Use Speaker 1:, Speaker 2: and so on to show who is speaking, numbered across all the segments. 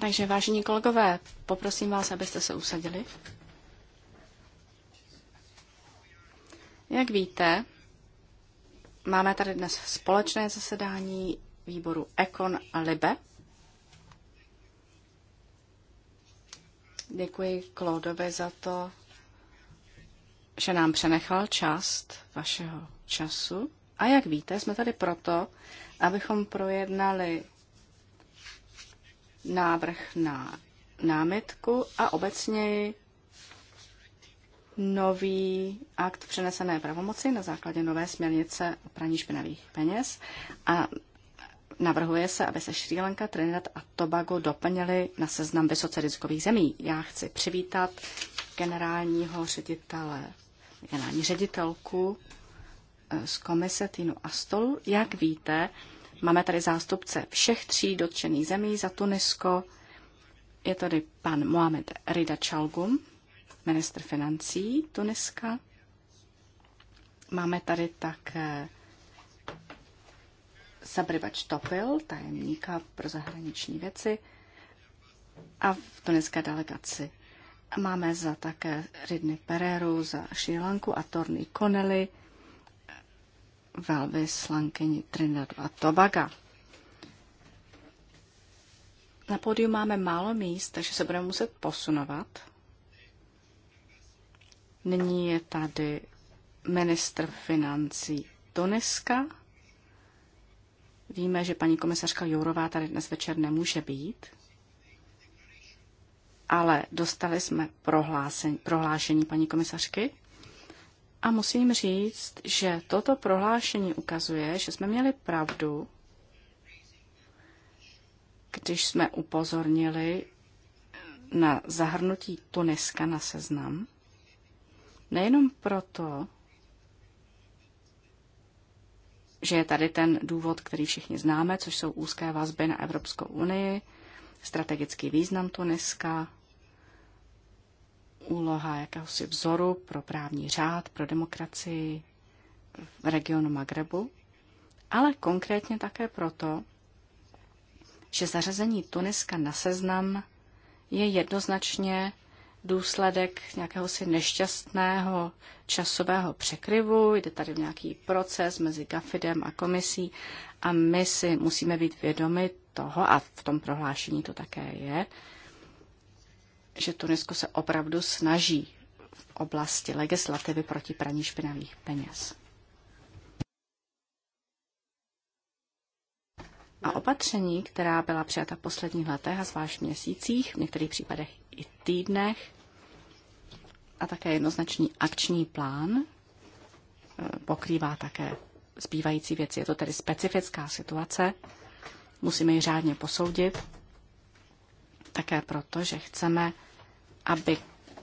Speaker 1: Takže vážení kolegové, poprosím vás, abyste se usadili. Jak víte, máme tady dnes společné zasedání výboru Econ a Libe. Děkuji Klodovi za to, že nám přenechal část vašeho času. A jak víte, jsme tady proto, abychom projednali návrh na námitku a obecně nový akt přenesené pravomoci na základě nové směrnice o praní špinavých peněz a navrhuje se, aby se Sri Lanka, Trinidad a Tobago doplnili na seznam vysoce rizikových zemí. Já chci přivítat generálního ředitele, generální ředitelku z komise Týnu stol Jak víte, máme tady zástupce všech tří dotčených zemí za Tunisko. Je tady pan Mohamed Rida Čalgum, ministr financí Tuniska. Máme tady také Sabrivač Topil, tajemníka pro zahraniční věci a v tuniské delegaci. Máme za také Ridny Pereru za Šrilanku a Torny Connelly velvyslankyni Trinidadu a Tobaga. Na pódiu máme málo míst, takže se budeme muset posunovat. Nyní je tady ministr financí Tuniska. Víme, že paní komisařka Jourová tady dnes večer nemůže být, ale dostali jsme prohlášení, paní komisařky a musím říct, že toto prohlášení ukazuje, že jsme měli pravdu, když jsme upozornili na zahrnutí Tuniska na seznam, nejenom proto, že je tady ten důvod, který všichni známe, což jsou úzké vazby na Evropskou unii, strategický význam Tuniska, úloha jakéhosi vzoru pro právní řád, pro demokracii v regionu Magrebu, ale konkrétně také proto, že zařazení Tuniska na seznam je jednoznačně důsledek nějakého si nešťastného časového překryvu. Jde tady v nějaký proces mezi Gafidem a komisí a my si musíme být vědomi toho, a v tom prohlášení to také je, že Tunisko se opravdu snaží v oblasti legislativy proti praní špinavých peněz. A opatření, která byla přijata v posledních letech a zvlášť v měsících, v některých případech i týdnech, a také jednoznačný akční plán e, pokrývá také zbývající věci. Je to tedy specifická situace, musíme ji řádně posoudit také proto, že chceme, aby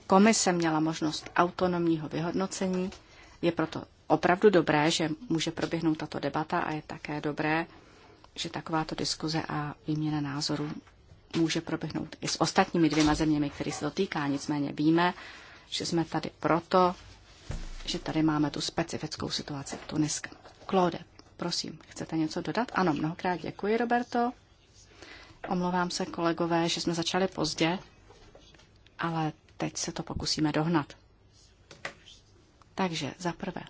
Speaker 1: komise měla možnost autonomního vyhodnocení. Je proto opravdu dobré, že může proběhnout tato debata a je také dobré, že takováto diskuze a výměna názorů může proběhnout i s ostatními dvěma zeměmi, které se dotýká. Nicméně víme, že jsme tady proto, že tady máme tu specifickou situaci v Tuniska. Claude, prosím, chcete něco dodat? Ano, mnohokrát děkuji, Roberto. Omlouvám se, kolegové, že jsme začali pozdě, ale teď se to pokusíme dohnat. Takže za prvé,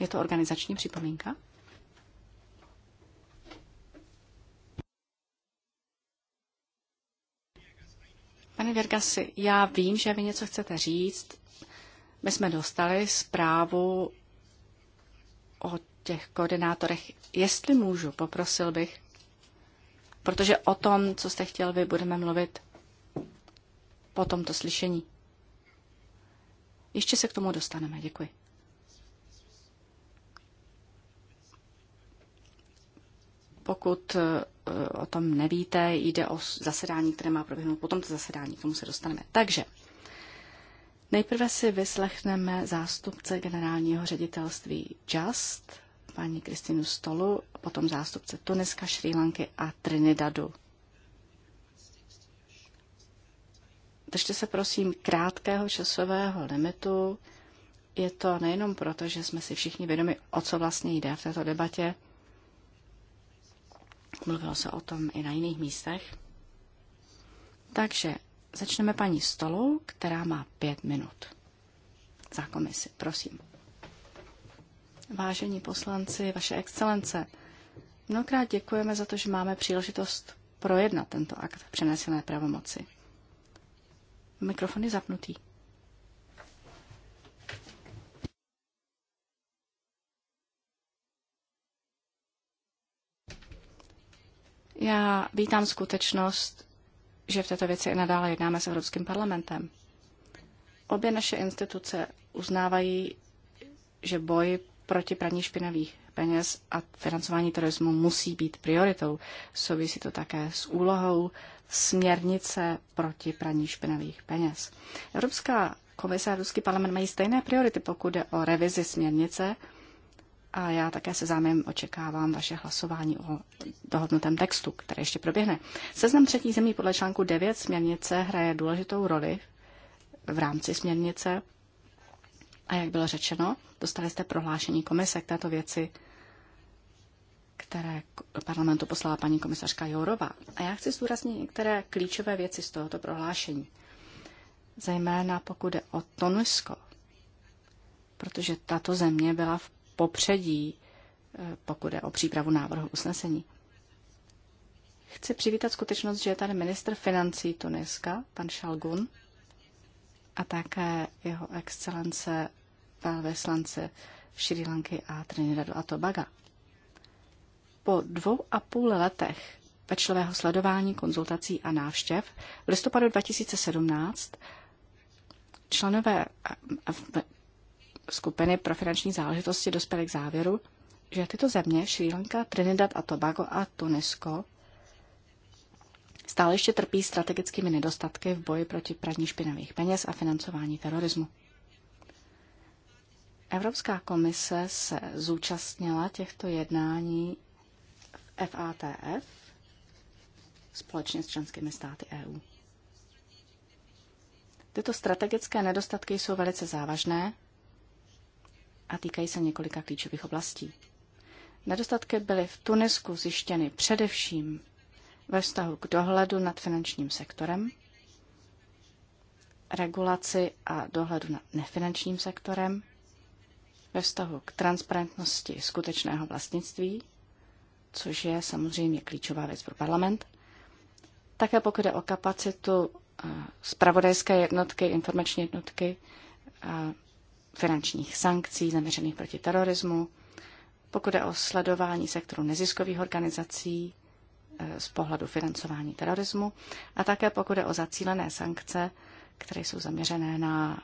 Speaker 1: je to organizační připomínka? Pane Virgasi, já vím, že vy něco chcete říct. My jsme dostali zprávu o těch koordinátorech. Jestli můžu, poprosil bych, protože o tom, co jste chtěl vy, budeme mluvit po tomto slyšení. Ještě se k tomu dostaneme. Děkuji. Pokud eh, o tom nevíte, jde o zasedání, které má proběhnout po tomto zasedání, k tomu se dostaneme. Takže nejprve si vyslechneme zástupce generálního ředitelství JUST, paní Kristinu Stolu, potom zástupce Tuniska, Šrí Lanky a Trinidadu. Držte se prosím krátkého časového limitu. Je to nejenom proto, že jsme si všichni vědomi, o co vlastně jde v této debatě. Mluvilo se o tom i na jiných místech. Takže začneme paní Stolou, která má pět minut. Za komisi, prosím. Vážení poslanci, vaše excelence, mnohokrát děkujeme za to, že máme příležitost projednat tento akt přenesené pravomoci. Mikrofon je zapnutý. Já vítám skutečnost, že v této věci i nadále jednáme s Evropským parlamentem. Obě naše instituce uznávají, že boj proti praní špinavých peněz a financování terorismu musí být prioritou. Souvisí to také s úlohou směrnice proti praní špinavých peněz. Evropská komise a Ruský parlament mají stejné priority, pokud jde o revizi směrnice a já také se zájmem očekávám vaše hlasování o dohodnutém textu, které ještě proběhne. Seznam třetí zemí podle článku 9 směrnice hraje důležitou roli v rámci směrnice a jak bylo řečeno, dostali jste prohlášení komise k této věci, které parlamentu poslala paní komisařka Jourova. A já chci zúraznit některé klíčové věci z tohoto prohlášení. Zajména pokud jde o Tonusko, protože tato země byla v popředí, eh, pokud jde o přípravu návrhu usnesení. Chci přivítat skutečnost, že je tady ministr financí Tuniska, pan Šalgun, a také jeho excelence velvyslance Šri Lanky a Trinidadu a Tobaga. Po dvou a půl letech pečlivého sledování, konzultací a návštěv v listopadu 2017 členové eh, skupiny pro finanční záležitosti dospěli k závěru, že tyto země, Šri Lanka, Trinidad a Tobago a Tunisko, stále ještě trpí strategickými nedostatky v boji proti praní špinavých peněz a financování terorismu. Evropská komise se zúčastnila těchto jednání v FATF společně s členskými státy EU. Tyto strategické nedostatky jsou velice závažné a týkají se několika klíčových oblastí. Nedostatky byly v Tunisku zjištěny především ve vztahu k dohledu nad finančním sektorem, regulaci a dohledu nad nefinančním sektorem, ve vztahu k transparentnosti skutečného vlastnictví, což je samozřejmě klíčová věc pro parlament, také pokud je o kapacitu eh, zpravodajské jednotky, informační jednotky, eh, finančních sankcí zaměřených proti terorismu, pokud je o sledování sektoru neziskových organizací, Eh, z pohledu financování terorismu a také pokud je o zacílené sankce, které jsou zaměřené na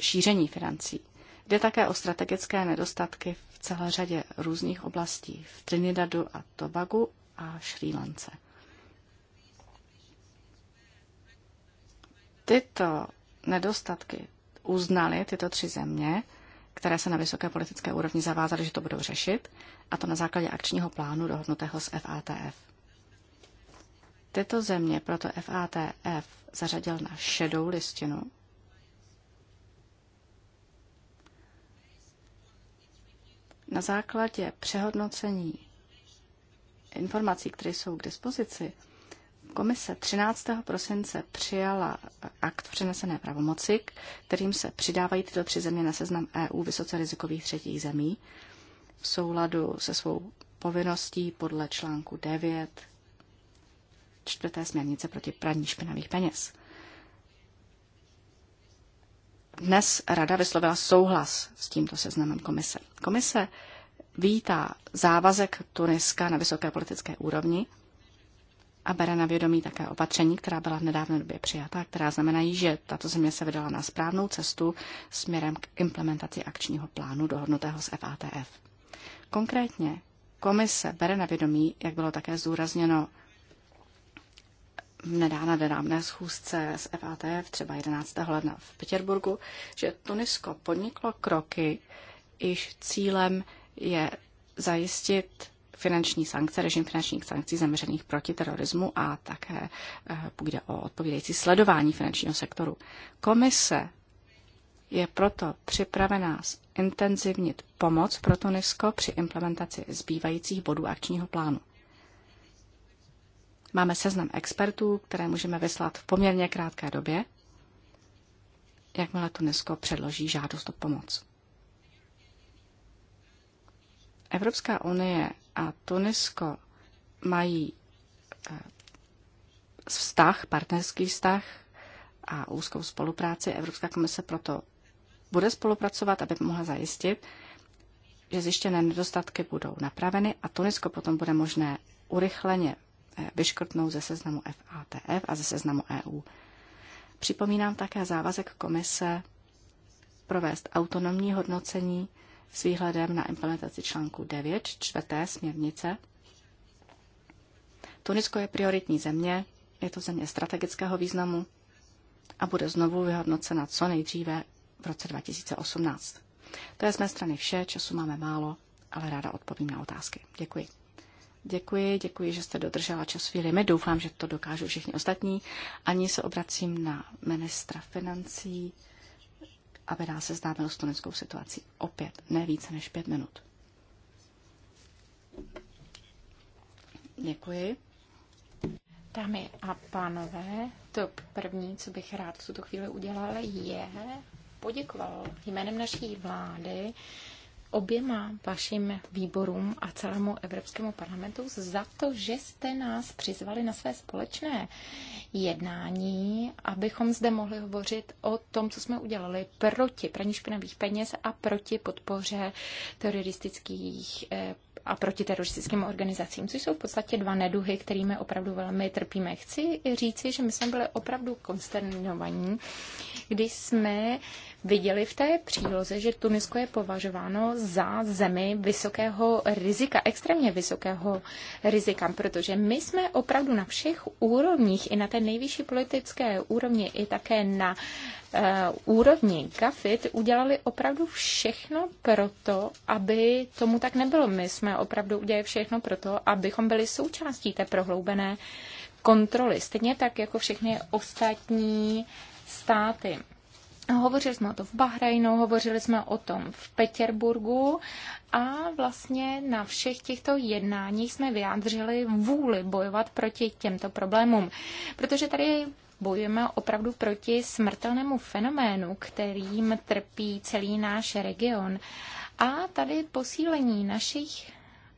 Speaker 1: šíření financí. Jde také o strategické nedostatky v celé řadě různých oblastí v Trinidadu a Tobagu a Šrí Lance. Tyto nedostatky uznaly tyto tři země, které se na vysoké politické úrovni zavázaly, že to budou řešit, a to na základě akčního plánu dohodnutého s FATF. Tyto země proto FATF zařadil na šedou listinu. Na základě přehodnocení informací, které jsou k dispozici, Komise 13. prosince přijala akt přenesené pravomoci, kterým se přidávají tyto tři země na seznam EU vysoce rizikových třetích zemí v souladu se svou povinností podle článku 9 čtvrté směrnice proti praní špinavých peněz. Dnes Rada vyslovila souhlas s tímto seznamem komise. Komise vítá závazek Tuniska na vysoké politické úrovni a bere na vědomí také opatření, která byla v nedávné době přijata, která znamenají, že tato země se vydala na správnou cestu směrem k implementaci akčního plánu dohodnutého s FATF. Konkrétně komise bere na vědomí, jak bylo také zúrazněno nedávna nedávné schůzce s FATF, třeba 11. ledna v Petěrburgu, že Tunisko podniklo kroky, již cílem je zajistit finanční sankce, režim finančních sankcí zaměřených proti terorismu a také eh, půjde o odpovídající sledování finančního sektoru. Komise je proto připravená intenzivnit pomoc pro Tunisko při implementaci zbývajících bodů akčního plánu. Máme seznam expertů, které můžeme vyslat v poměrně krátké době, jakmile Tunisko předloží žádost o pomoc. Evropská unie a Tunisko mají eh, vztah, partnerský vztah a úzkou spolupráci. Evropská komise proto bude spolupracovat, aby mohla zajistit, že zjištěné nedostatky budou napraveny a Tunisko potom bude možné urychleně vyškrtnout ze seznamu FATF a ze seznamu EU. Připomínám také závazek komise provést autonomní hodnocení s výhledem na implementaci článku 9 čtvrté směrnice. Tunisko je prioritní země, je to země strategického významu a bude znovu vyhodnocena co nejdříve v roce 2018. To je z mé strany vše, času máme málo, ale ráda odpovím na otázky. Děkuji. Děkuji, děkuji, že jste dodržela časový limit. Doufám, že to dokážu všichni ostatní. Ani se obracím na ministra financí, aby nás seznámil s tunickou situací. Opět ne více než pět minut.
Speaker 2: Děkuji. Dámy a pánové, to první, co bych rád v tuto chvíli udělal, je poděkoval jménem naší vlády oběma vašim výborům a celému Evropskému parlamentu za to, že jste nás přizvali na své společné jednání, abychom zde mohli hovořit o tom, co jsme udělali proti praní špinavých peněz a proti podpoře teroristických eh, a proti teroristickým organizacím, což jsou v podstatě dva neduhy, kterými opravdu velmi trpíme. Chci říci, že my jsme byli opravdu konsternovaní když jsme viděli v té příloze, že Tunisko je považováno za zemi vysokého rizika, extrémně vysokého rizika, protože my jsme opravdu na všech úrovních, i na té nejvyšší politické úrovni, i také na uh, úrovni GAFIT udělali opravdu všechno pro to, aby tomu tak nebylo. My jsme opravdu udělali všechno pro to, abychom byli součástí té prohloubené kontroly, stejně tak jako všechny ostatní uh, státy. Hovořili jsme o tom v Bahrajnu, hovořili jsme o tom v Petěrburgu a vlastně na všech těchto jednáních jsme vyjádřili vůli bojovat proti těmto problémům. Protože tady bojujeme opravdu proti smrtelnému fenoménu, kterým trpí celý náš region. A tady posílení našich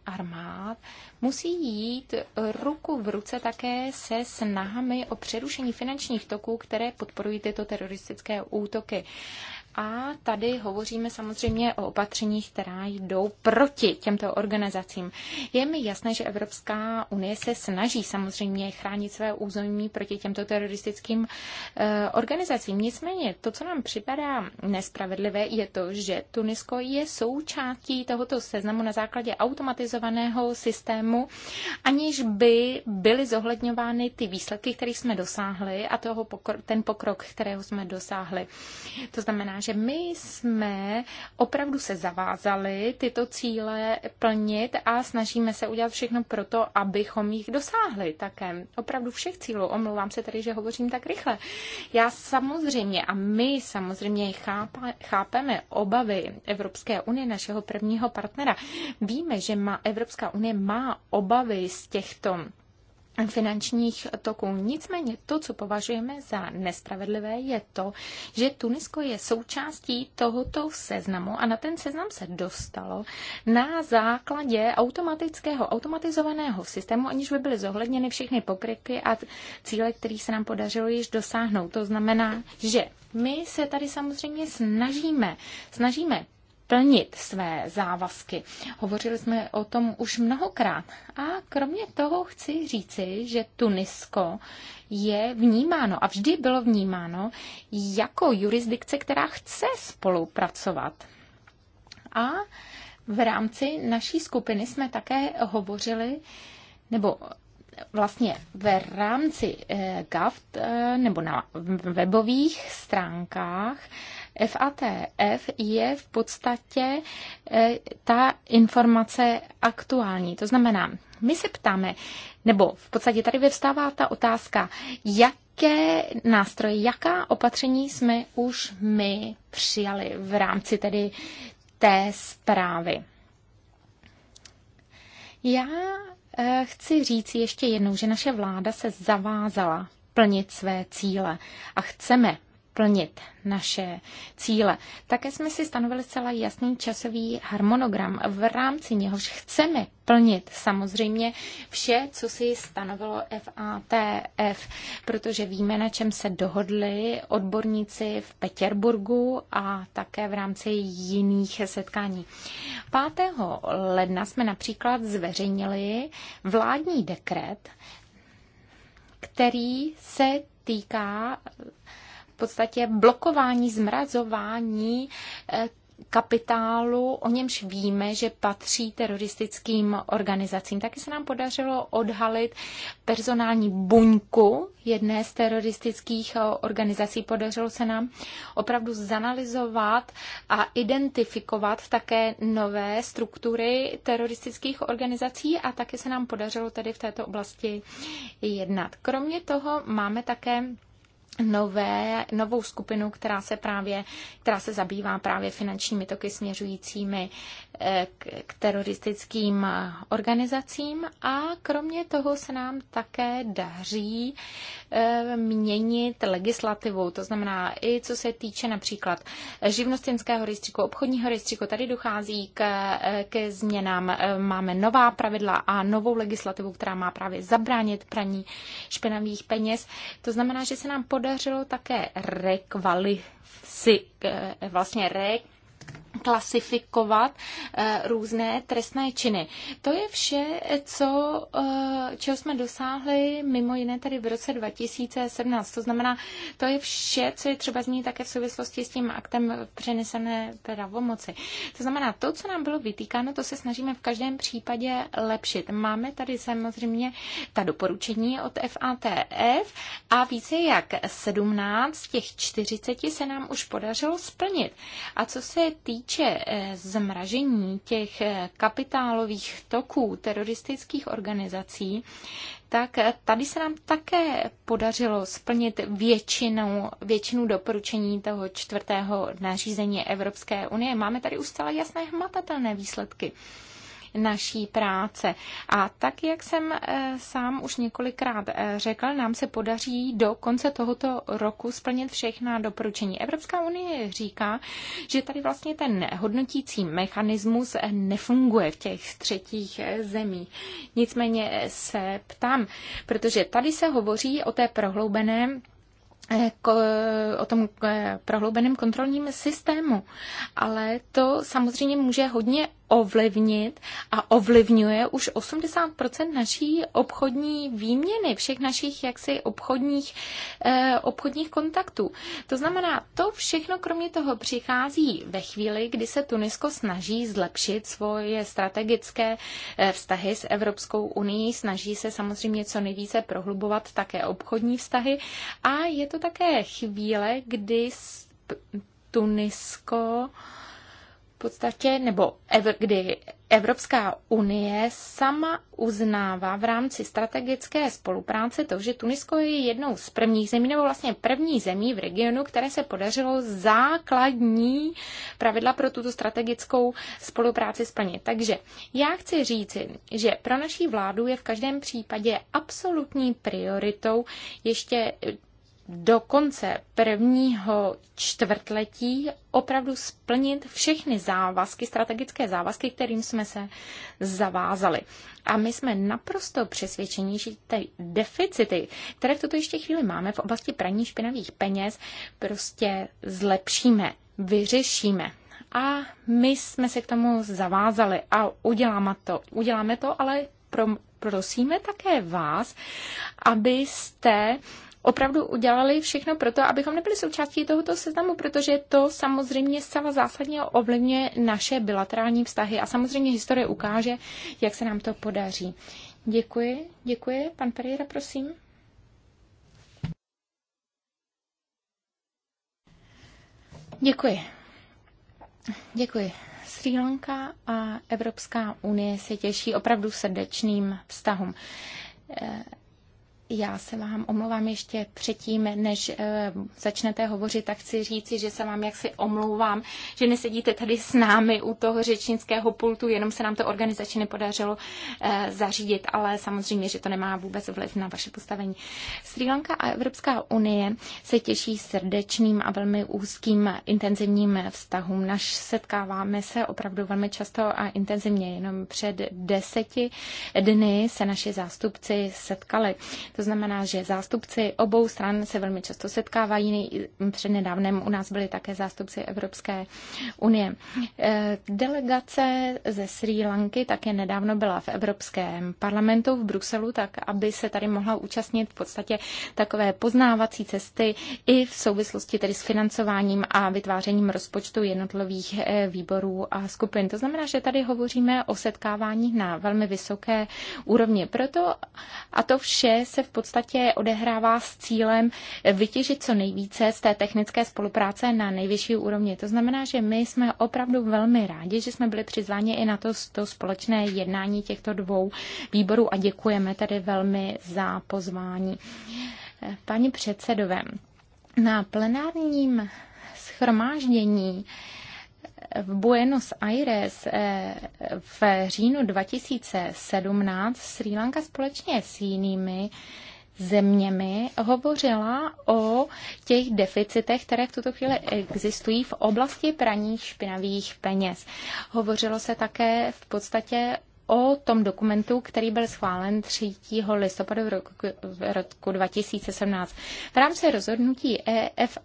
Speaker 2: armád musí jít ruku v ruce také se snahami o přerušení finančních toků, které podporují tyto teroristické útoky. A tady hovoříme samozřejmě o opatřeních, která jdou proti těmto organizacím. Je mi jasné, že Evropská unie se snaží samozřejmě chránit své území proti těmto teroristickým eh, organizacím. Nicméně to, co nám připadá nespravedlivé, je to, že Tunisko je součástí tohoto seznamu na základě automatizovaného systému, aniž by byly zohledňovány ty výsledky, které jsme dosáhli a toho pokro- ten pokrok, kterého jsme dosáhli. To znamená, že my jsme opravdu se zavázali tyto cíle plnit a snažíme se udělat všechno pro to, abychom jich dosáhli také. Opravdu všech cílů. Omlouvám se tady, že hovořím tak rychle. Já samozřejmě a my samozřejmě chápa, chápeme obavy Evropské unie, našeho prvního partnera. Víme, že má, Evropská unie má obavy z těchto finančních toků. Nicméně to, co považujeme za nespravedlivé, je to, že Tunisko je součástí tohoto seznamu a na ten seznam se dostalo na základě automatického, automatizovaného systému, aniž by byly zohledněny všechny pokryky a cíle, kterých se nám podařilo již dosáhnout. To znamená, že my se tady samozřejmě snažíme, snažíme plnit své závazky. Hovořili jsme o tom už mnohokrát. A kromě toho chci říci, že Tunisko je vnímáno a vždy bylo vnímáno jako jurisdikce, která chce spolupracovat. A v rámci naší skupiny jsme také hovořili, nebo vlastně v rámci eh, GAFT eh, nebo na webových stránkách FATF je v podstatě eh, ta informace aktuální. To znamená, my se ptáme, nebo v podstatě tady vyvstává ta otázka, jak jaké nástroje, jaká opatření jsme už my přijali v rámci tedy té zprávy. Já eh, chci říct ještě jednou, že naše vláda se zavázala plnit své cíle a chceme plnit naše cíle. Také jsme si stanovili celý jasný časový harmonogram, v rámci něhož chceme plnit samozřejmě vše, co si stanovilo FATF, protože víme, na čem se dohodli odborníci v Petěrburgu a také v rámci jiných setkání. 5. ledna jsme například zveřejnili vládní dekret, který se týká podstatě blokování, zmrazování eh, kapitálu, o němž víme, že patří teroristickým organizacím. Taky se nám podařilo odhalit personální buňku jedné z teroristických eh, organizací. Podařilo se nám opravdu zanalizovat a identifikovat také nové struktury teroristických organizací a taky se nám podařilo tedy v této oblasti jednat. Kromě toho máme také nové, novou skupinu, která se právě, která se zabývá právě finančními toky směřujícími k teroristickým organizacím a kromě toho se nám také daří eh, měnit legislativu. To znamená i co se týče například živnostenského rejstříku, obchodního rejstříku, tady dochází k, eh, ke změnám. Eh, máme nová pravidla a novou legislativu, která má právě zabránit praní špinavých peněz. To znamená, že se nám podařilo také rekvali si vlastně rek klasifikovat eh, různé trestné činy. To je vše, co, eh, čeho jsme dosáhli mimo jiné tady v roce 2017. To znamená, to je vše, co je třeba zní také v souvislosti s tím aktem přenesené pravomoci. To znamená, to, co nám bylo vytýkáno, to se snažíme v každém případě lepšit. Máme tady samozřejmě ta doporučení od FATF a více jak 17 z těch 40 se nám už podařilo splnit. A co se týká týče eh, zmražení těch eh, kapitálových toků teroristických organizací, tak eh, tady se nám také podařilo splnit většinu, většinu doporučení toho čtvrtého nařízení Evropské unie. Máme tady už zcela jasné hmatatelné výsledky naší práce. A tak, jak jsem eh, sám už několikrát eh, řekl, nám se podaří do konce tohoto roku splnit všechna doporučení. Evropská unie říká, že tady vlastně ten hodnotící mechanismus eh, nefunguje v těch třetích zemích. Nicméně se ptám, protože tady se hovoří o té prohloubené o tom prohloubeném kontrolním systému. Ale to samozřejmě může hodně ovlivnit a ovlivňuje už 80% naší obchodní výměny, všech našich jaksi obchodních, eh, obchodních kontaktů. To znamená, to všechno kromě toho přichází ve chvíli, kdy se Tunisko snaží zlepšit svoje strategické eh, vztahy s Evropskou unii, snaží se samozřejmě co nejvíce prohlubovat také obchodní vztahy a je to také chvíle, kdy Tunisko eh, podstatě, nebo ev, kdy Evropská unie sama uznává v rámci strategické spolupráce to, že Tunisko je jednou z prvních zemí, nebo vlastně první zemí v regionu, které se podařilo základní pravidla pro tuto strategickou spolupráci splnit. Takže já chci říci, že pro naší vládu je v každém případě absolutní prioritou ještě do konce prvního čtvrtletí opravdu splnit všechny závazky, strategické závazky, kterým jsme se zavázali. A my jsme naprosto přesvědčeni, že ty deficity, které v tuto ještě chvíli máme v oblasti praní špinavých peněz, prostě zlepšíme, vyřešíme a my jsme se k tomu zavázali a uděláme to, uděláme to ale pro, prosíme také vás, abyste opravdu udělali všechno pro to, abychom nebyli součástí tohoto seznamu, protože to samozřejmě zcela zásadně ovlivňuje naše bilaterální vztahy a samozřejmě historie ukáže, jak se nám to podaří. Děkuji, děkuji. Pan Pereira, prosím. Děkuji. Děkuji. Sri Lanka a Evropská unie se těší opravdu srdečným vztahům. Já se vám omlouvám ještě předtím, než eh, začnete hovořit, tak chci říci, že se vám jaksi omlouvám, že nesedíte tady s námi u toho řečnického pultu, jenom se nám to organizačně nepodařilo eh, zařídit, ale samozřejmě, že to nemá vůbec vliv na vaše postavení. Sri Lanka a Evropská unie se těší srdečným a velmi úzkým intenzivním vztahům. Naš setkáváme se opravdu velmi často a intenzivně. Jenom před deseti dny se naši zástupci setkali. To to znamená, že zástupci obou stran se velmi často setkávají. Přednedávnem u nás byli také zástupci Evropské unie. Eh, delegace ze Sri Lanky také nedávno byla v Evropském parlamentu v Bruselu, tak aby se tady mohla účastnit v podstatě takové poznávací cesty i v souvislosti tedy s financováním a vytvářením rozpočtu jednotlivých eh, výborů a skupin. To znamená, že tady hovoříme o setkávání na velmi vysoké úrovni. Proto a to vše se se v podstatě odehrává s cílem vytěžit co nejvíce z té technické spolupráce na nejvyšší úrovni. To znamená, že my jsme opravdu velmi rádi, že jsme byli přizváni i na to, to společné jednání těchto dvou výborů a děkujeme tady velmi za pozvání. Paní předsedové, na plenárním schromáždění v Buenos Aires eh, v říjnu 2017 Sri Lanka společně s jinými zeměmi hovořila o těch deficitech, které v tuto chvíli existují v oblasti praní špinavých peněz. Hovořilo se také v podstatě o tom dokumentu, který byl schválen 3. listopadu v roku, v roku 2017. V rámci rozhodnutí EFA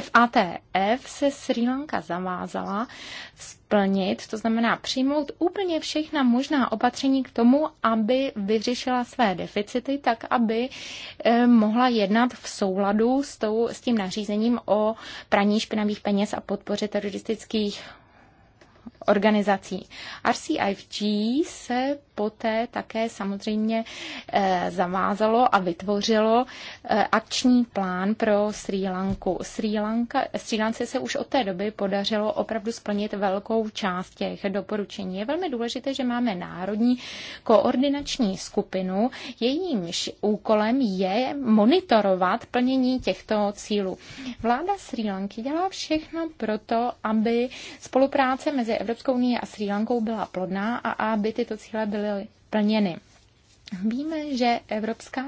Speaker 2: FATF se Sri Lanka zavázala splnit, to znamená přijmout úplně všechna možná opatření k tomu, aby vyřešila své deficity, tak aby eh, mohla jednat v souladu s, tou, s tím nařízením o praní špinavých peněz a podpoře teroristických organizací. RCIFG se poté také samozřejmě eh, zavázalo a vytvořilo eh, akční plán pro Sri Lanku. Sri, Lanka, Sri Lance se už od té doby podařilo opravdu splnit velkou část těch doporučení. Je velmi důležité, že máme národní koordinační skupinu, jejímž úkolem je monitorovat plnění těchto cílů. Vláda Sri Lanky dělá všechno proto, aby spolupráce mezi Evropskou unii a Sri Lankou byla plodná a aby tyto cíle byly byly plněny. Víme, že Evropská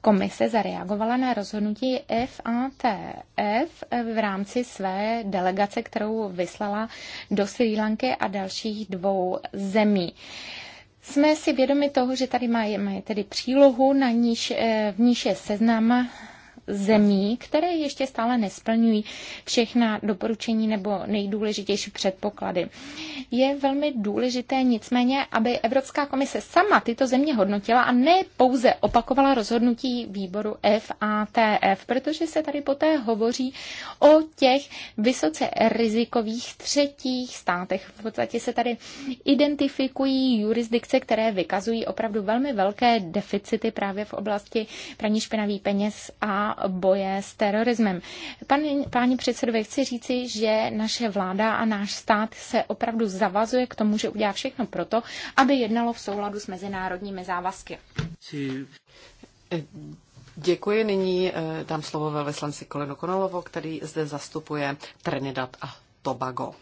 Speaker 2: komise zareagovala na rozhodnutí FATF v rámci své delegace, kterou vyslala do Sri Lanky a dalších dvou zemí. Jsme si vědomi toho, že tady máme tedy přílohu, na níž, eh, v níž je seznam zemí, které ještě stále nesplňují všechna doporučení nebo nejdůležitější předpoklady. Je velmi důležité nicméně, aby Evropská komise sama tyto země hodnotila a ne pouze opakovala rozhodnutí výboru FATF, protože se tady poté hovoří o těch vysoce rizikových třetích státech. V podstatě se tady identifikují jurisdikce, které vykazují opravdu velmi velké deficity právě v oblasti praní špinavých peněz a boje s terorismem. Pani, páni předsedové, chci říci, že naše vláda a náš stát se opravdu zavazuje k tomu, že udělá všechno proto, aby jednalo v souladu s mezinárodními závazky.
Speaker 3: Děkuji. Nyní eh, dám slovo velvyslanci Koleno Konolovo, který zde zastupuje Trinidad a Tobago.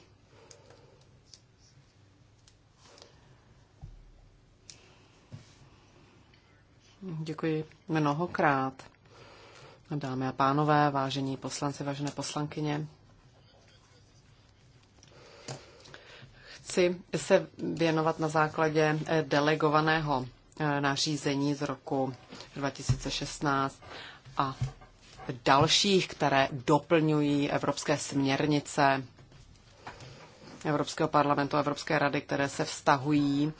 Speaker 3: Děkuji mnohokrát. Dámy a pánové, vážení poslanci, vážené poslankyně, chci se věnovat na základě eh, delegovaného eh, nařízení z roku 2016 a dalších, které doplňují evropské směrnice Evropského parlamentu a Evropské rady, které se vztahují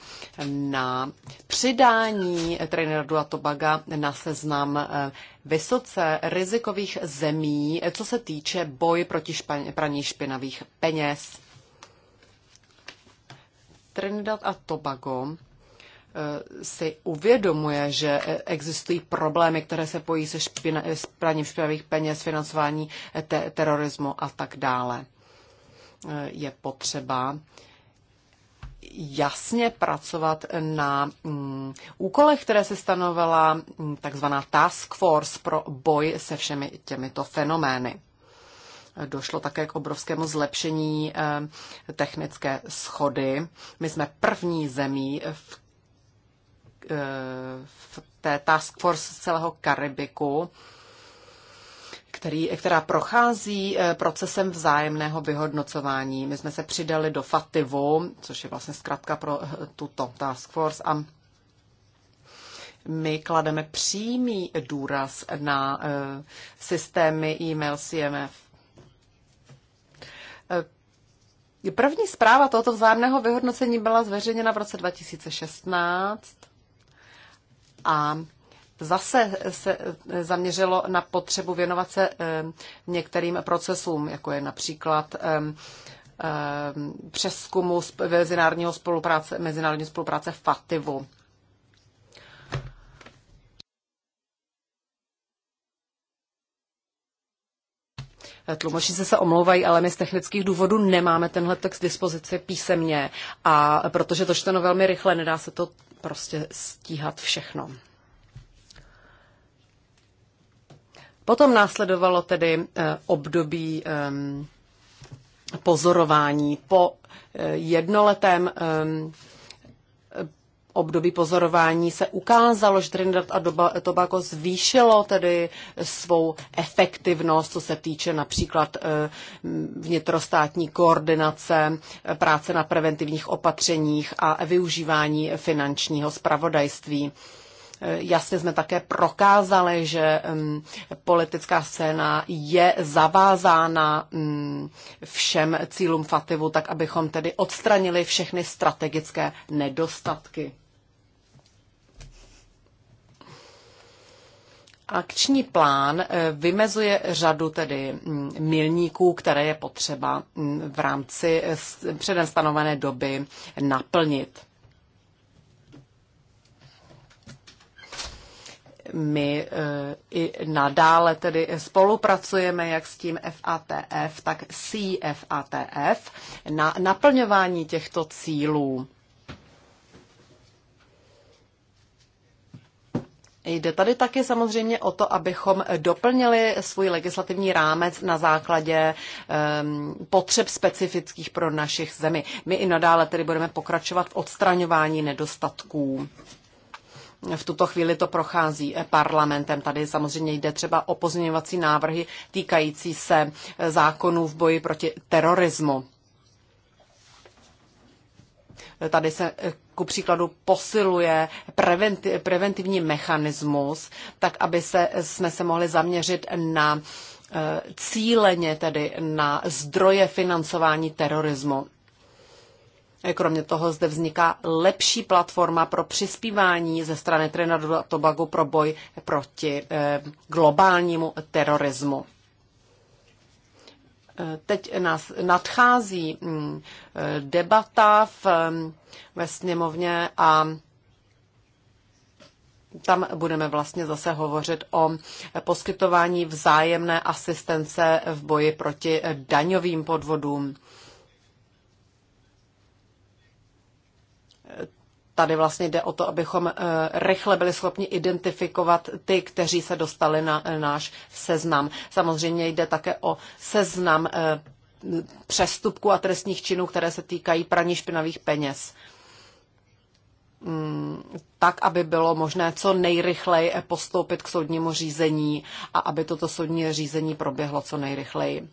Speaker 3: na přidání Trinidadu a Tobaga na seznam eh, vysoce rizikových zemí, co se týče boj proti špaň, praní špinavých peněz. Trinidad a Tobago eh, si uvědomuje, že eh, existují problémy, které se pojí se špina, s praním špinavých peněz, financování te, terorismu a tak dále. Eh, je potřeba jasně pracovat na mm, úkolech, které se stanovala mm, takzvaná task force pro boj se všemi těmito fenomény. Došlo také k obrovskému zlepšení eh, technické schody. My jsme první zemí v, eh, v té task force celého Karibiku, který, která prochází eh, procesem vzájemného vyhodnocování. My jsme se přidali do FATIVu, což je vlastně zkrátka pro eh, tuto task force a my klademe přímý důraz na eh, systémy e-mail CMF. První zpráva tohoto vzájemného vyhodnocení byla zveřejněna v roce 2016 a zase se eh, zaměřilo na potřebu věnovat se eh, některým procesům, jako je například eh, přeskumu mezinárodního spolupráce, mezinárodní spolupráce FATIVu. Tlumočníci se omlouvají, ale my z technických důvodů nemáme tenhle text k dispozici písemně. A protože to čteno velmi rychle, nedá se to prostě stíhat všechno. Potom následovalo tedy eh, období ehm, pozorování. Po eh, jednoletém ehm, eh, období pozorování se ukázalo, že Trinidad a Tobago zvýšilo tedy svou efektivnost, co se týče například vnitrostátní koordinace, práce na preventivních opatřeních a využívání finančního spravodajství. Eh, jasně jsme také prokázali, že politická scéna je zavázána mm, všem cílům Fativu, tak abychom tedy odstranili všechny strategické nedostatky. Akční plán eh, vymezuje řadu tedy mm, milníků, které je potřeba mm, v rámci eh, předem stanovené doby naplnit. my e, i nadále tedy spolupracujeme jak s tím FATF, tak CFATF na naplňování těchto cílů. Jde tady taky samozřejmě o to, abychom doplnili svůj legislativní rámec na základě um, potřeb specifických pro našich zemi. My i nadále tedy budeme pokračovat v odstraňování nedostatků. V tuto chvíli to prochází eh, parlamentem. Tady samozřejmě jde třeba o pozměňovací návrhy týkající se eh, zákonů v boji proti terorismu. Eh, tady se ku příkladu posiluje preventi, preventivní mechanismus, tak aby se, jsme se mohli zaměřit na cíleně tedy na zdroje financování terorismu. Kromě toho zde vzniká lepší platforma pro přispívání ze strany Trinidadu a Tobago pro boj proti eh, globálnímu terorismu. Eh, teď nás nadchází mm, eh, debata v, ve sněmovně a tam budeme vlastně zase hovořit o poskytování vzájemné asistence v boji proti daňovým podvodům. tady vlastně jde o to, abychom eh, rychle byli schopni identifikovat ty, kteří se dostali na eh, náš seznam. Samozřejmě jde také o seznam eh, přestupků a trestních činů, které se týkají praní špinavých peněz mm, tak, aby bylo možné co nejrychleji postoupit k soudnímu řízení a aby toto soudní řízení proběhlo co nejrychleji.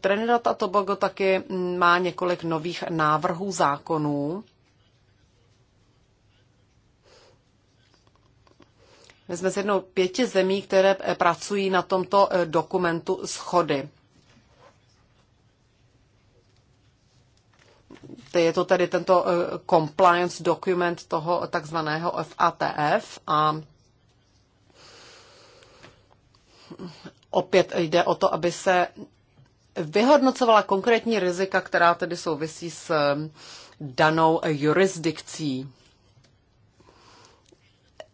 Speaker 3: Trinidad a Tobago taky mm, má několik nových návrhů zákonů, My jsme s jednou pěti zemí, které eh, pracují na tomto eh, dokumentu schody. Je to tedy tento eh, compliance dokument toho takzvaného FATF a opět jde o to, aby se vyhodnocovala konkrétní rizika, která tedy souvisí s danou jurisdikcí.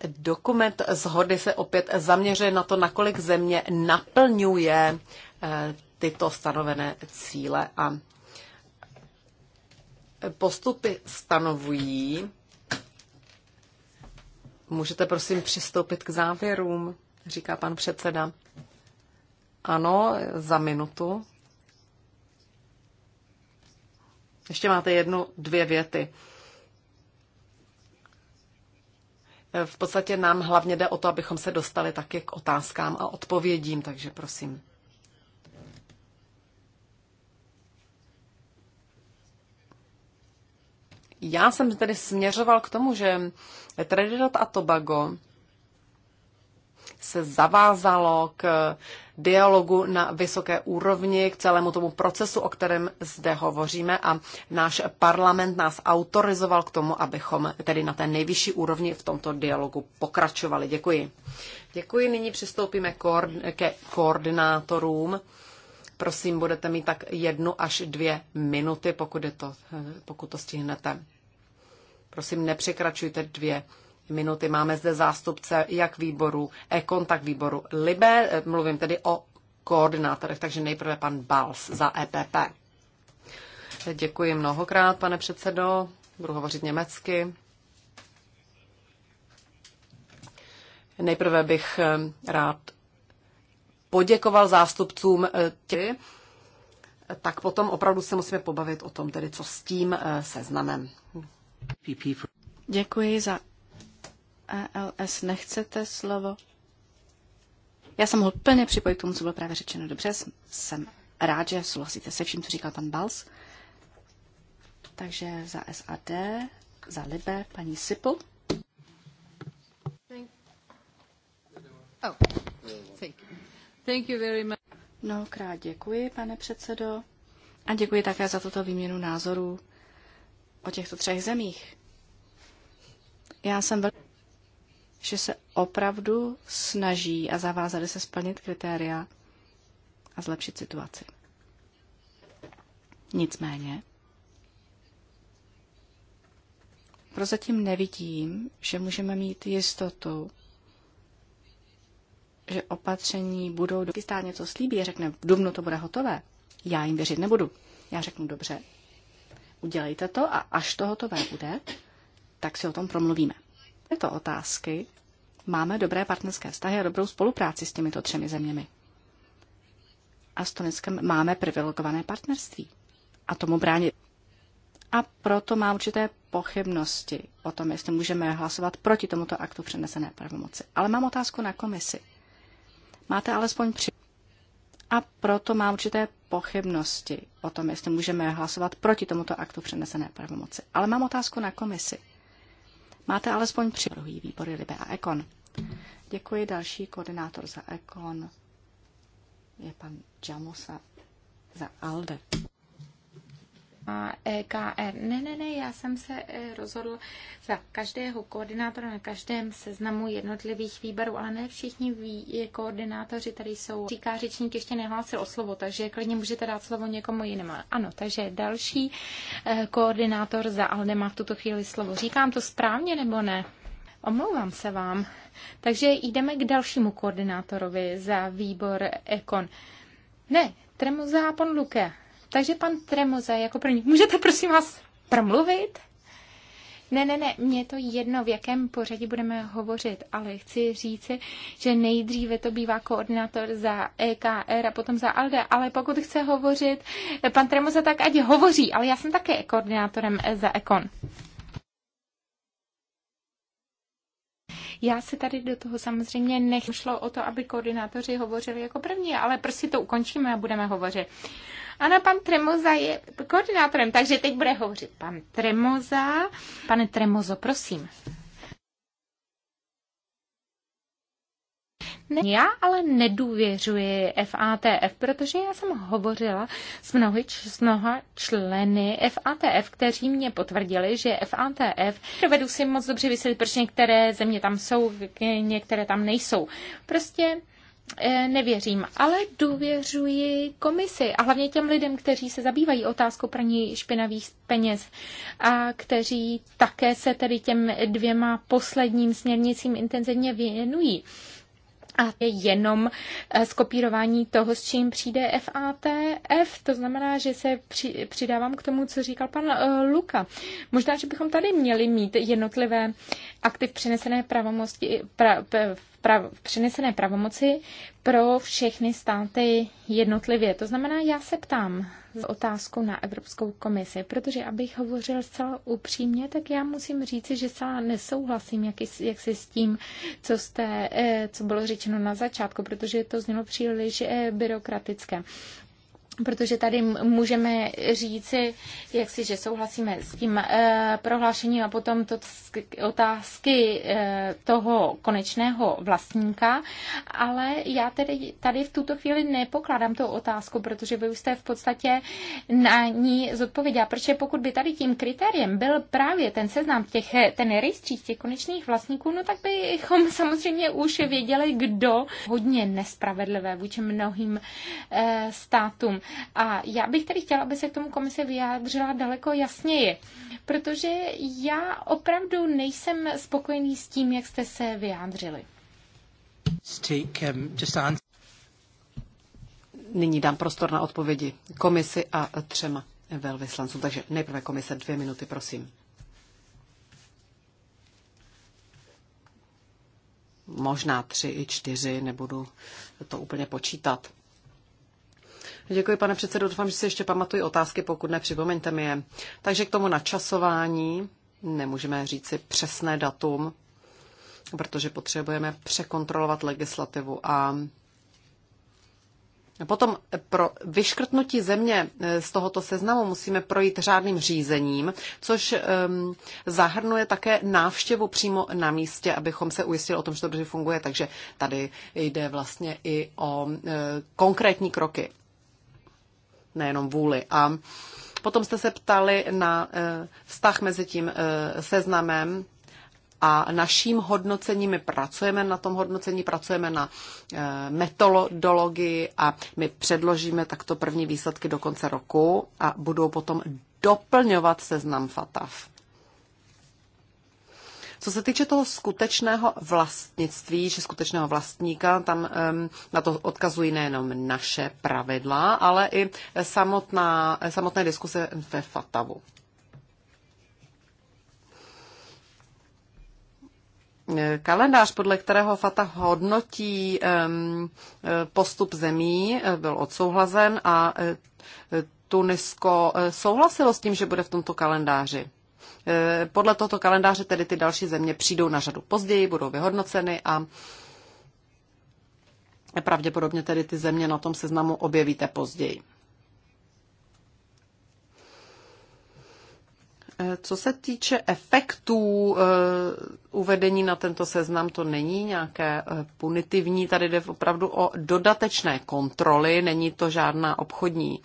Speaker 3: Dokument zhody se opět zaměřuje na to, nakolik země naplňuje eh, tyto stanovené cíle a postupy stanovují. Můžete prosím přistoupit k závěrům, říká pan předseda. Ano, za minutu. Ještě máte jednu, dvě věty. V podstatě nám hlavně jde o to, abychom se dostali také k otázkám a odpovědím, takže prosím. Já jsem tedy směřoval k tomu, že Trinidad a Tobago se zavázalo k dialogu na vysoké úrovni, k celému tomu procesu, o kterém zde hovoříme a náš parlament nás autorizoval k tomu, abychom tedy na té nejvyšší úrovni v tomto dialogu pokračovali. Děkuji. Děkuji. Nyní přistoupíme ke koordinátorům. Prosím, budete mít tak jednu až dvě minuty, pokud, je to, eh, pokud to stihnete. Prosím, nepřekračujte dvě minuty. Máme zde zástupce jak výboru Ekon, tak výboru Libe. Mluvím tedy o koordinátorech, takže nejprve pan Bals za EPP. Děkuji mnohokrát, pane předsedo. Budu hovořit německy. Nejprve bych eh, rád poděkoval zástupcům eh, tě, tak potom opravdu se musíme pobavit o tom, tedy co s tím eh, seznamem. Děkuji za ELS nechcete slovo?
Speaker 1: Já jsem ho plně připojit k tomu, co bylo právě řečeno. Dobře, jsem rád, že souhlasíte se vším, co říkal pan Bals. Takže za SAD, za Libe, paní Sipu. No, thank oh, Mnohokrát děkuji, pane předsedo. A děkuji také za tuto výměnu názorů o těchto třech zemích. Já jsem velmi že se opravdu snaží a zavázali se splnit kritéria a zlepšit situaci. Nicméně, prozatím nevidím, že můžeme mít jistotu, že opatření budou... Když stát něco slíbí a řekne, v dubnu to bude hotové, já jim věřit nebudu. Já řeknu, dobře, udělejte to a až to hotové bude, tak si o tom promluvíme této otázky máme dobré partnerské vztahy a dobrou spolupráci s těmito třemi zeměmi. A s Tuniskem máme privilegované partnerství. A tomu bránit. A proto mám určité pochybnosti o tom, jestli můžeme hlasovat proti tomuto aktu přenesené pravomoci. Ale mám otázku na komisi. Máte alespoň při... A proto mám určité pochybnosti o tom, jestli můžeme hlasovat proti tomuto aktu přenesené pravomoci. Ale mám otázku na komisi. Máte alespoň připravují výbory Libe a Ekon. Děkuji. Další koordinátor za
Speaker 2: Ekon je pan Jamusa za ALDE. EKR. Ne, ne, ne, já jsem se eh, rozhodl za každého koordinátora na každém seznamu jednotlivých výběrů, ale ne všichni ví, eh, koordinátoři tady jsou. Říká řečník ještě nehlásil o slovo, takže klidně můžete dát slovo někomu jinému. Ano, takže další eh, koordinátor za ale nemá v tuto chvíli slovo. Říkám to správně nebo ne? Omlouvám se vám. Takže jdeme k dalšímu koordinátorovi za výbor Ekon. Ne, Tremuza Ponluke. Takže pan Tremoza jako první. Můžete prosím vás promluvit? Ne, ne, ne, mně to jedno, v jakém pořadí budeme hovořit, ale chci říci, že nejdříve to bývá koordinátor za EKR a potom za ALDE, ale pokud chce hovořit pan Tremoza, tak ať hovoří, ale já jsem také koordinátorem za EKON. Já se tady do toho samozřejmě nechlo o to, aby koordinátoři hovořili jako první, ale prostě to ukončíme a budeme hovořit. Ano, pan Tremoza je koordinátorem, takže teď bude hovořit pan Tremoza. Pane Tremozo, prosím. Ne, já ale nedůvěřuji FATF, protože já jsem hovořila s, mnohy, s mnoha členy FATF, kteří mě potvrdili, že FATF dovedu si moc dobře vysvětlit, proč některé země tam jsou, některé tam nejsou. Prostě E, nevěřím, ale důvěřuji komisi a hlavně těm lidem, kteří se zabývají otázkou praní špinavých peněz a kteří také se tedy těm dvěma posledním směrnicím intenzivně věnují. A je jenom e, skopírování toho, s čím přijde FATF. To znamená, že se při, přidávám k tomu, co říkal pan uh, Luka. Možná, že bychom tady měli mít jednotlivé aktiv přenesené pravomosti, pra, pra, prav, přenesené pravomoci pro všechny státy jednotlivě. To znamená, já se ptám s otázkou na Evropskou komisi, protože abych hovořil zcela upřímně, tak já musím říci, že zcela nesouhlasím jak, jak se s tím, co, jste, eh, co bylo řečeno na začátku, protože to znělo příliš eh, byrokratické protože tady můžeme říci, jak si, že souhlasíme s tím e, prohlášením a potom to otázky e, toho konečného vlastníka, ale já tedy tady v tuto chvíli nepokládám tu otázku, protože vy už jste v podstatě na ní zodpověděla, protože pokud by tady tím kritériem byl právě ten seznam těch, eh, ten rejstřík těch konečných vlastníků, no tak bychom samozřejmě už věděli, kdo hodně nespravedlivé vůči mnohým e, státům. A já bych tedy chtěla, aby se k tomu komise vyjádřila daleko jasněji, protože já opravdu nejsem spokojený s tím, jak jste se vyjádřili. Um,
Speaker 3: Nyní dám prostor na odpovědi komisi a třema velvyslancům. Takže nejprve komise dvě minuty, prosím. Možná tři i čtyři, nebudu to úplně počítat. Děkuji, pane předsedo. Doufám, že si ještě pamatuju otázky, pokud ne, připomeňte mi je. Takže k tomu načasování nemůžeme říci přesné datum, protože potřebujeme překontrolovat legislativu a Potom pro vyškrtnutí země eh, z tohoto seznamu musíme projít řádným řízením, což um, zahrnuje také návštěvu přímo na místě, abychom se ujistili o tom, že to dobře funguje. Takže tady jde vlastně i o uh, konkrétní kroky nejenom vůli. A potom jste se ptali na eh, vztah mezi tím eh, seznamem a naším hodnocením, my pracujeme na tom hodnocení, pracujeme na eh, metodologii a my předložíme takto první výsledky do konce roku a budou potom doplňovat seznam FATAF. Co se týče toho skutečného vlastnictví, či skutečného vlastníka, tam na to odkazují nejenom naše pravidla, ale i samotná, samotné diskuse ve FATAVu. Kalendář, podle kterého FATA hodnotí postup zemí, byl odsouhlazen a e, Tunisko e, souhlasilo s tím, že bude v tomto kalendáři. Eh, podle tohoto kalendáře tedy ty další země přijdou na řadu později, budou vyhodnoceny a pravděpodobně tedy ty země na tom seznamu objevíte později. Eh, co se týče efektů eh, uvedení na tento seznam, to není nějaké eh, punitivní. Tady jde opravdu o dodatečné kontroly, není to žádná obchodní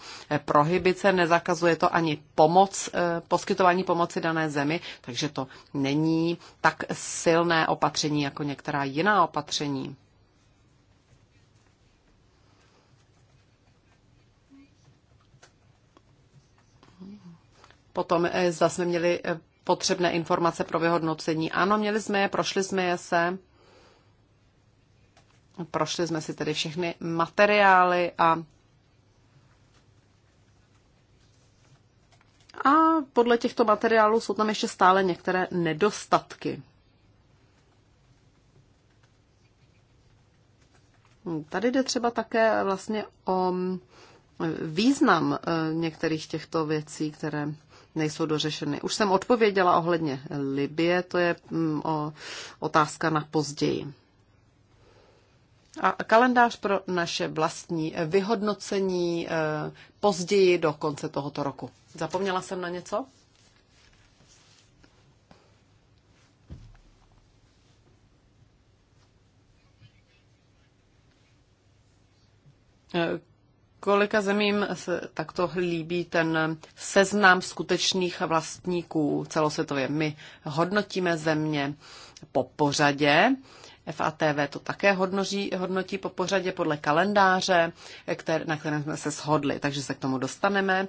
Speaker 3: prohibice, nezakazuje to ani pomoc, poskytování pomoci dané zemi, takže to není tak silné opatření jako některá jiná opatření. Potom eh, zda jsme měli eh, potřebné informace pro vyhodnocení. Ano, měli jsme je, prošli jsme je se. Prošli jsme si tedy všechny materiály a A podle těchto materiálů jsou tam ještě stále některé nedostatky. Tady jde třeba také vlastně o mm, význam eh, některých těchto věcí, které nejsou dořešeny. Už jsem odpověděla ohledně Libie, to je mm, o, otázka na později. A kalendář pro naše vlastní vyhodnocení e, později do konce tohoto roku. Zapomněla jsem na něco? kolika zemím se takto líbí ten seznam skutečných vlastníků celosvětově. My hodnotíme země po pořadě. FATV to také hodnoří, hodnotí po pořadě podle kalendáře, kter, na kterém jsme se shodli, takže se k tomu dostaneme.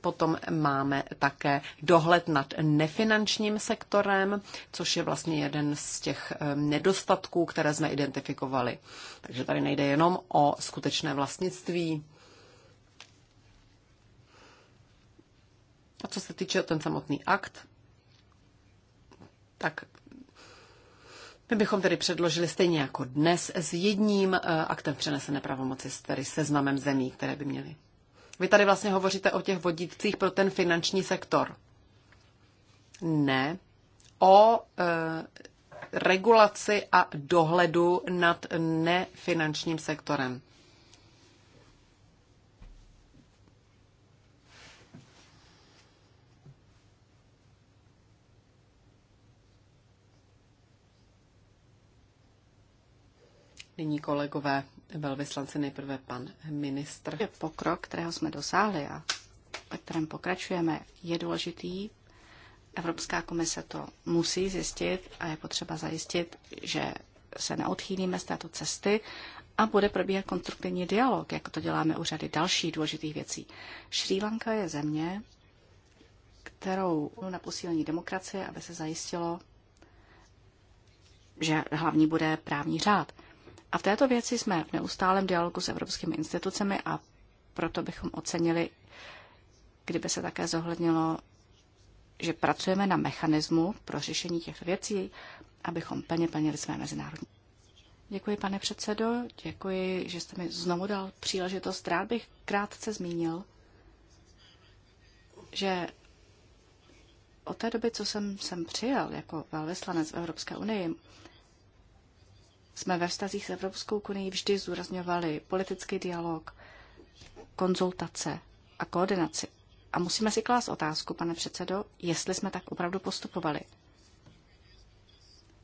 Speaker 3: Potom máme také dohled nad nefinančním sektorem, což je vlastně jeden z těch ehm, nedostatků, které jsme identifikovali. Takže tady nejde jenom o skutečné vlastnictví. A co se týče ten samotný akt, tak my bychom tedy předložili stejně jako dnes s jedním eh, aktem přenesené pravomoci, tedy seznamem zemí, které by měly. Vy tady vlastně hovoříte o těch vodítcích pro ten finanční sektor. Ne. O e, regulaci a dohledu nad nefinančním sektorem. Nyní kolegové velvyslanci, nejprve pan ministr. Pokrok, kterého jsme dosáhli a ve kterém
Speaker 1: pokračujeme, je důležitý. Evropská komise to musí zjistit a je potřeba zajistit, že se neodchýlíme z této cesty a bude probíhat konstruktivní dialog, jako to děláme u řady dalších důležitých věcí. Šrí Lanka je země, kterou na posílení demokracie, aby se zajistilo, že hlavní bude právní řád. A v této věci jsme v neustálém dialogu s evropskými institucemi a proto bychom ocenili, kdyby se také zohlednilo, že pracujeme na mechanismu pro řešení těchto věcí, abychom plně plnili své mezinárodní. Děkuji, pane předsedo, děkuji, že jste mi znovu dal příležitost. Rád bych krátce zmínil, že od té doby, co jsem sem přijel jako velvyslanec v Evropské unii, jsme ve vztazích s Evropskou unii vždy zúrazňovali politický dialog, konzultace a koordinaci. A musíme si klást otázku, pane předsedo, jestli jsme tak opravdu postupovali.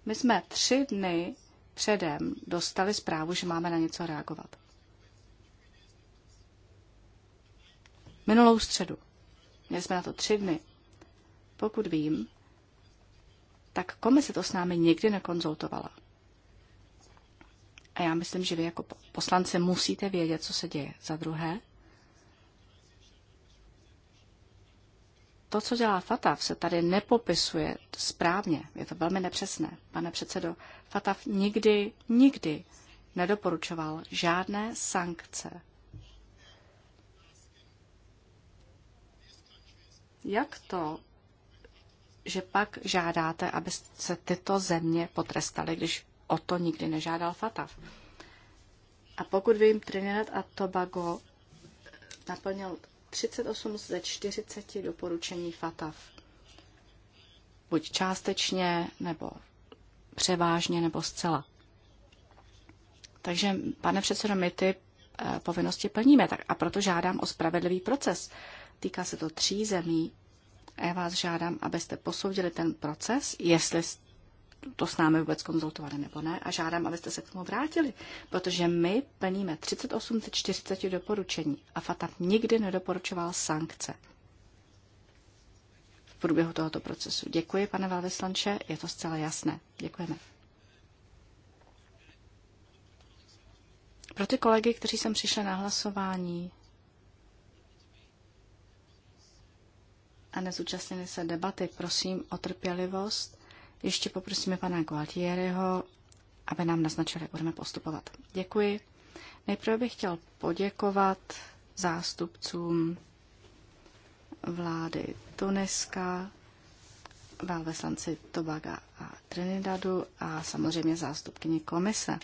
Speaker 1: My jsme tři dny předem dostali zprávu, že máme na něco reagovat. Minulou středu. Měli jsme na to tři dny. Pokud vím, tak komise to s námi nikdy nekonzultovala já myslím, že vy jako poslanci musíte vědět, co se děje. Za druhé, to, co dělá FATAF, se tady nepopisuje správně. Je to velmi nepřesné. Pane předsedo, FATAF nikdy, nikdy nedoporučoval žádné sankce. Jak to, že pak žádáte, aby se tyto země potrestaly, když o to nikdy nežádal Fatav. A pokud vím, Trinidad a Tobago naplnil 38 ze 40 doporučení FATAV. Buď částečně, nebo převážně, nebo zcela. Takže, pane předsedo, my ty eh, povinnosti plníme. Tak a proto žádám o spravedlivý proces. Týká se to tří zemí. A já vás žádám, abyste posoudili ten proces, jestli to s námi vůbec konzultovali nebo ne a žádám, abyste se k tomu vrátili, protože my plníme 38 ze 40 doporučení a FATAP nikdy nedoporučoval sankce v průběhu tohoto procesu. Děkuji, pane Valveslanče, je to zcela jasné. Děkujeme. Pro ty kolegy, kteří sem přišli na hlasování a nezúčastnili se debaty, prosím o trpělivost ještě poprosíme pana Gualtieriho, aby nám naznačili, jak budeme postupovat. Děkuji. Nejprve bych chtěl poděkovat zástupcům vlády Tuniska, velveslanci Tobaga a Trinidadu a samozřejmě zástupkyni komise.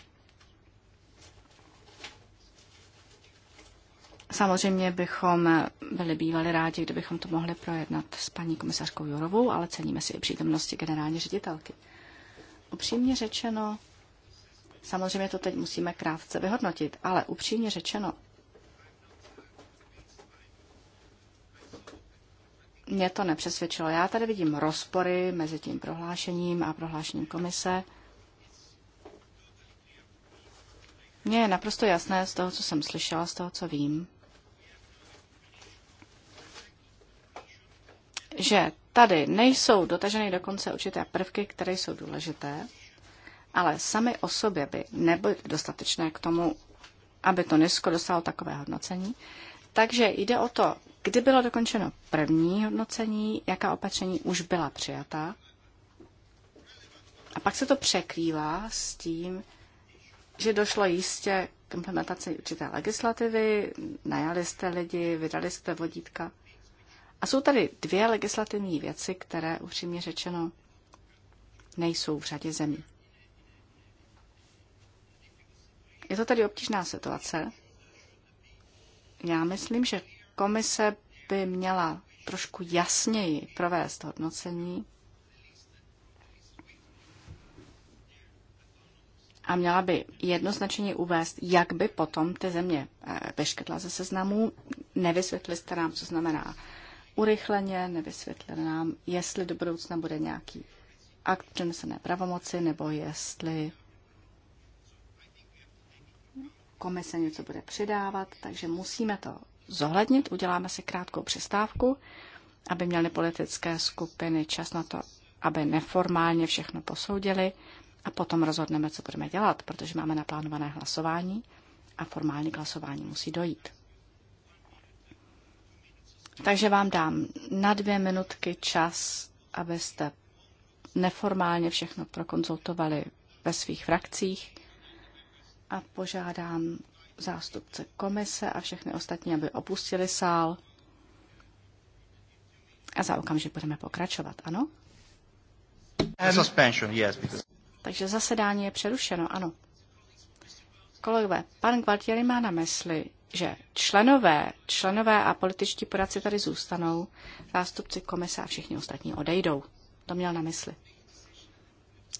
Speaker 1: Samozřejmě bychom byli bývali rádi, kdybychom to mohli projednat s paní komisařkou Jurovou, ale ceníme si i přítomnosti generální ředitelky. Upřímně řečeno, samozřejmě to teď musíme krátce vyhodnotit, ale upřímně řečeno, mě to nepřesvědčilo. Já tady vidím rozpory mezi tím prohlášením a prohlášením komise. Mně je naprosto jasné z toho, co jsem slyšela, z toho, co vím, že tady nejsou dotaženy dokonce určité prvky, které jsou důležité, ale sami o sobě by nebyly dostatečné k tomu, aby to NISKO dostalo takové hodnocení. Takže jde o to, kdy bylo dokončeno první hodnocení, jaká opatření už byla přijata. A pak se to překrývá s tím, že došlo jistě k implementaci určité legislativy, najali jste lidi, vydali jste vodítka. A jsou tady dvě legislativní věci, které upřímně řečeno nejsou v řadě zemí. Je to tady obtížná situace. Já myslím, že komise by měla trošku jasněji provést hodnocení a měla by jednoznačně uvést, jak by potom ty země eh, vyškrtla ze seznamů. Nevysvětlili jste nám, co znamená urychleně nevysvětlil nám, jestli do budoucna bude nějaký akt přenesené pravomoci, nebo jestli komise něco bude přidávat, takže musíme to zohlednit. Uděláme si krátkou přestávku, aby měly politické skupiny čas na to, aby neformálně všechno posoudili a potom rozhodneme, co budeme dělat, protože máme naplánované hlasování a formální hlasování musí dojít. Takže vám dám na dvě minutky čas, abyste neformálně všechno prokonzultovali ve svých frakcích a požádám zástupce komise a všechny ostatní, aby opustili sál. A za okamžik budeme pokračovat, ano? Suspension, yes, because... Takže zasedání je přerušeno, ano. Kolegové, pan Gvaltieri má na mysli, že členové, členové a političtí poradci tady zůstanou, zástupci komise a všichni ostatní odejdou. To měl na mysli.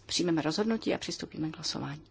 Speaker 1: Přijmeme rozhodnutí a přistoupíme k hlasování.